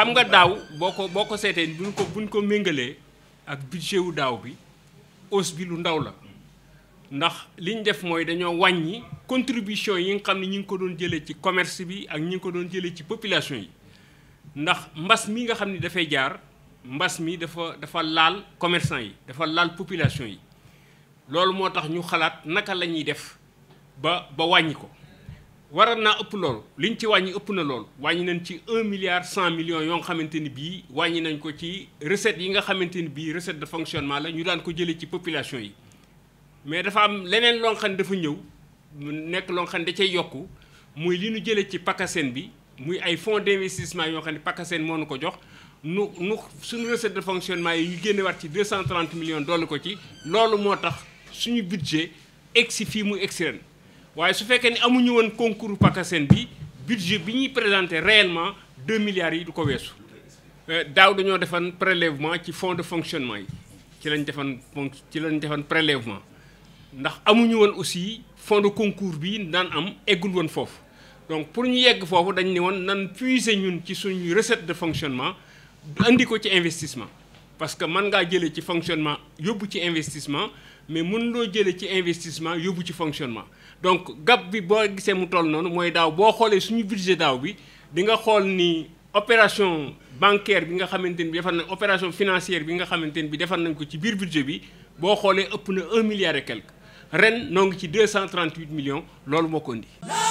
xam nga daaw boo ko boo ko seetee buñ ko buñ ko méngalee ak budget wu daaw bi hausse bi lu ndaw la ndax li def mooy dañoo wàññi contribution yi nga xam ne ñi ngi ko doon jëlee ci commerce bi ak ñi ngi ko doon jëlee ci population yi ndax mbas mi nga xam ne dafay jaar mbas mi dafa dafa laal commerçant yi dafa laal population yi loolu moo tax ñu xalaat naka la ñuy def ba ba wàññi ko waral naa ëpp loolu liñ ci wàññi ëpp na lool wàññi nañ ci 1 milliard cent millions yoo nga xamante ni bii wàññi nañ ko ci recette yi nga xamante ni bii recette de fonctionnement la ñu daan ko jëlee ci population yi mais dafa am leneen loo xam dafa ñëw nekk loo xam ne da cay yokku muy li ñu jëlee ci PACASEN bi muy ay fonds d'investissement yoo xam ne PACASEN moo nu ko jox nu nu suñu recette de fonctionnement yi yu génne waat ci 230 millions ko ci loolu moo tax suñu budget egsi fii mu egsi waaye su fekkee ni amuñu woon concours PACASEN bi budget bi ñuy présenté réellement deux milliards yi du ko weesu euh, daaw dañoo defan prélèvement ci fonds de fonctionnement yi ci lañ defan ci lañ defan prélèvement ndax amuñu woon aussi fonds de concours bi daan am eggul woon foofu donc pour ñu yegg foofu dañ ne woon nan puiser ñun ci suñu recette de fonctionnement andi ko ci investissement parce que man ngaa jëlee ci fonctionnement yóbbu ci investissement mais mën loo jëlee ci investissement yóbbu ci fonctionnement donc gap bi boo gisee mu toll noonu mooy daaw boo xoolee suñu budget daaw bi di nga xool ni opération bancaire bi nga xamante ni bi defar nañ opération financière bi nga xamante ni bi defar nañ ko ci biir budget bi boo xoolee ëpp na un milliard et ren noo ngi ci deux cent trente-huit loolu moo ko ndi